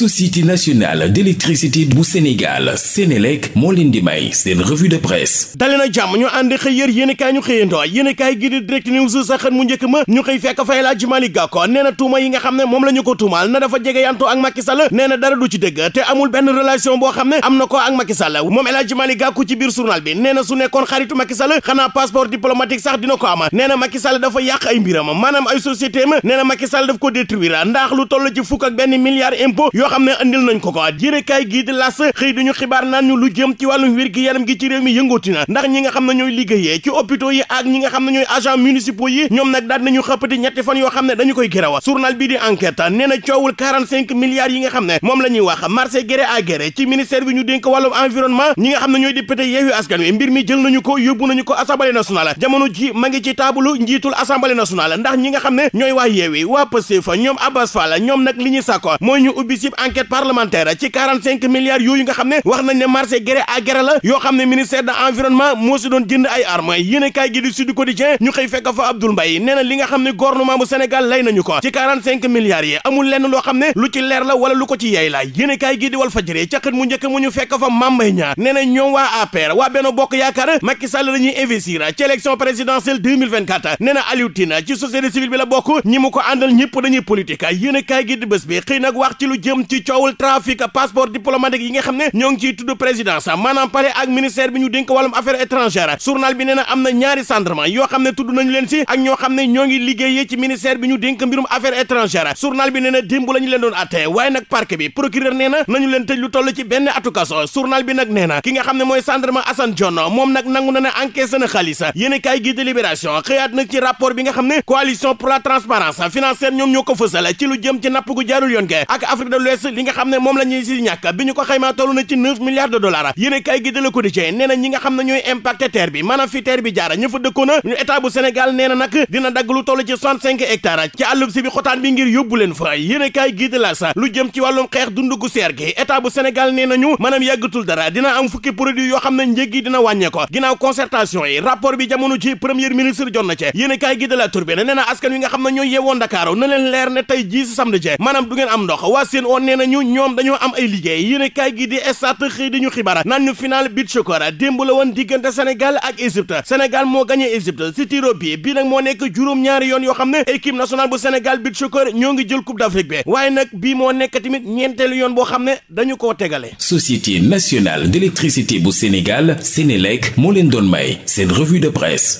société nationale d'électricité bu Sénégal Sénélec moo leen di may de presse dali na jàmm ñu ànd xëy yér yéen i kaay ñu xëyandoo yéen i kaay gi di direct news sa xët mu njëkk ma ñu xëy fekk fay laa ji Malick Gakou nee na tuuma nga xam ne moom la ko tuumaal na dafa jege yantoo ak Macky Sall nee na dara du ci dëgg te amul benn relation boo xam ne am na ko ak Macky Sall moom El Hadji Malick ci biir journal bi nee na su nekkoon ko am nee na Macky Sall dafa yàq ay mbiram maanaam ay société ma nee na xam ne andil nañ ko ko yéenekaay gii di las xëy dañu xibaar naan ñu lu jëm ci wàllum wér-gi-yaram gi ci réew mi yëngooti ndax ñi nga xam ne ñooy liggéeyee ci hôpitaux yi ak ñi nga xam ne ñooy agent municipaux yi ñoom nag daal nañu xëppati ñetti fan yoo xam ne dañu koy gërawa journal bi di enquête nee na coowul 45 milliards yi nga xam ne moom la ñuy wax marché gré à gré ci ministère bi ñu denk wàllum environnement ñi nga xam ne ñooy député Yewwi Askan Wi mbir mi jël nañu ko yóbbu nañu ko assemblée nationale jamono ji ma ngi ci taabalu njiitul assemblée nationale ñi nga xam ne ñooy waa Yewwi waa Pastef ñoom ñoom nag li ñuy sàkko mooy ñu ubbi cib enquête parlementaire ci 45 milliards yooyu nga xam ne wax nañ ne marché gré à la yoo ne ministère de l'environnement moo si jënd ay armes yéene kaay gi di Sud ñu xëy fekk fa Abdoul Mbaye nee li nga xam ne gouvernement bu Sénégal lay nañu ko ci 45 milliards yi lenn loo xam ne lu ci leer la wala lu ko ci yeey la yéene kaay gi di ca xët mu njëkk mu ñu fekk fa Mame Mbaye Niang ñoom waa APR waa Benno Bokk Yaakaar Macky Sall moom ci coowul trafic passeport diplomatique yi nga xam ne ñoo ngi ciy tudd présidence maanaam pare ak ministère bi ñu dénk wàllum affaires étrangères journal bi nee na am na ñaari gendarme yoo xam ne tudd nañu leen si ak ñoo xam ne ñoo ngi liggéeyee ci ministère bi ñu dénk mbirum affaires étrangères journal bi nee na démb la ñu leen doon atte waaye nag parquet bi procureur nee nañu leen tëj lu toll ci benn atu kaso journal bi nag nee na ki nga xam ne mooy gendarme Assane Dione moom nag nangu na ne encaissé na xaalis a kaay gi de libération xëyaat ci rapport bi nga xam ne coalition pour la transparence financière ñoo ko fësal ci lu jëm ci wees li nga xam ne moom la ñuy si ñàkk bi ñu ko xaymaa toll na ci neuf milliards de dollars yéene kaay gi de la Quotidien ñi nga xam ne ñooy impacté terre bi maanaam fi terre bi jaara ñu fa dëkkoona ñu état bu Sénégal nee dina dagg lu ci 65 hectares ci àllub si bi dara dina am fukki produit yoo xam ne dina wàññee ko ginnaaw concertation yi rapport bi jamono ci premier ministre jot na ci yéene kaay gi de la Tribune nee na askan wi xam na leen kon nee nañu ñoom dañoo am ay liggéey yéene kaay gi di Stades xëy di ñu xibaar naan ñu final beach soccer démb la woon diggante Sénégal ak Égypte Sénégal moo gagné Égypte si tiro bi bii nag moo nekk juróom-ñaari yoon yoo xam ne équipe nationale bu Sénégal beach soccer ñoo ngi jël coupe d'Afrique bi waaye nag bii moo nekk tamit ñeenteelu yoon boo xam ne dañu koo tegale Société nationale d'électricité bu Sénégal Sénélec moo leen doon may seen revue de presse